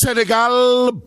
Sénégal,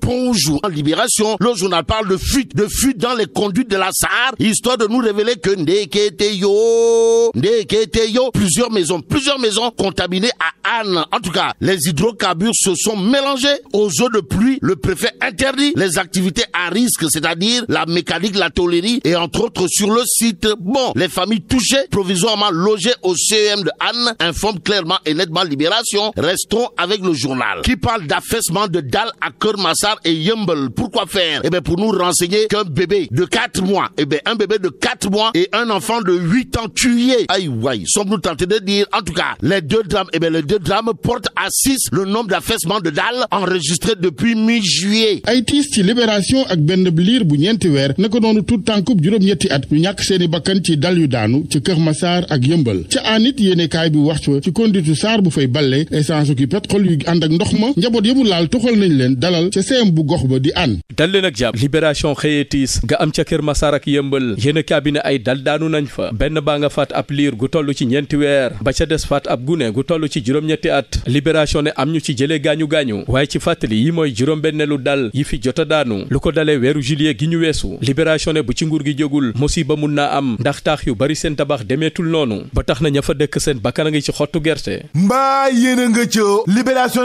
bonjour. En Libération, le journal parle de fuite, de fuite dans les conduites de la Sahara, histoire de nous révéler que Ndeketeyo, Ndeketeyo, plusieurs maisons, plusieurs maisons contaminées à Anne. En tout cas, les hydrocarbures se sont mélangés aux eaux de pluie. Le préfet interdit les activités à risque, c'est-à-dire la mécanique, la tolérie et entre autres sur le site. Bon, les familles touchées, provisoirement logées au CEM de Anne, informent clairement et nettement Libération. Restons avec le journal qui parle d'affaissement de Dal à Kermassar et Yumble. Pourquoi faire Eh bien, pour nous renseigner qu'un bébé de 4 mois, eh bien, un bébé de 4 mois et un enfant de 8 ans tué. Aïe, aïe, sommes-nous tentés de dire. En tout cas, les deux drames, eh bien, les deux drames portent à 6 le nombre d'affaissements de Dal enregistrés depuis mi-juillet. ay si libération ak Ben liir bu ñeenti weer naka noonu tout le temps ñetti at ñu ñàkk seeni bakkan ci dal yu daanu ci Kër Massar ak Yëmbal ca anit yéenekaay bi wax ci konditu saar bu fay balle essence ki pétrole yu ànd ak ndox ma njaboot yëmu ñëwal nañ leen dalal ca seem bu gox ba di an dal leen ak am ca kër Masar ak yëmbal yéena kaabine ay dal daanu nañ fa benn baa nga faat ab liir gu toll ci ñeenti weer ba ca des faat ab gune gu toll ci juróom-ñetti at libération ne am ñu ci jëlee gaañu-gaañu waaye ci fàttali yi mooy juróom-benneelu dal yi fi jota daanu lu ko dalee weeru juillet gi ñu weesu libération ne bu ci nguur gi jógul musiba mun naa am ndax taax yu bari seen tabax demeetul noonu ba tax na ña fa dëkk seen bakkan a ngi ci xottu gerte a nga ca libération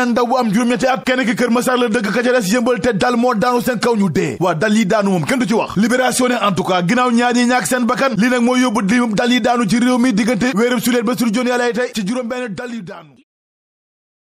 beneen ndaw bu am juróom-ñetti at kenn ki Kër dëkk ka ca te dal moo daanu seen kaw ñu dee waa dal yi daanu moom kenn du ci wax libération ne en tout yi ñàkk seen bakkan li nag mooy yóbbu di dal yi daanu ci réew mi diggante wéerëb suleet ba sur jon tey ci juróom benn dal yi daanu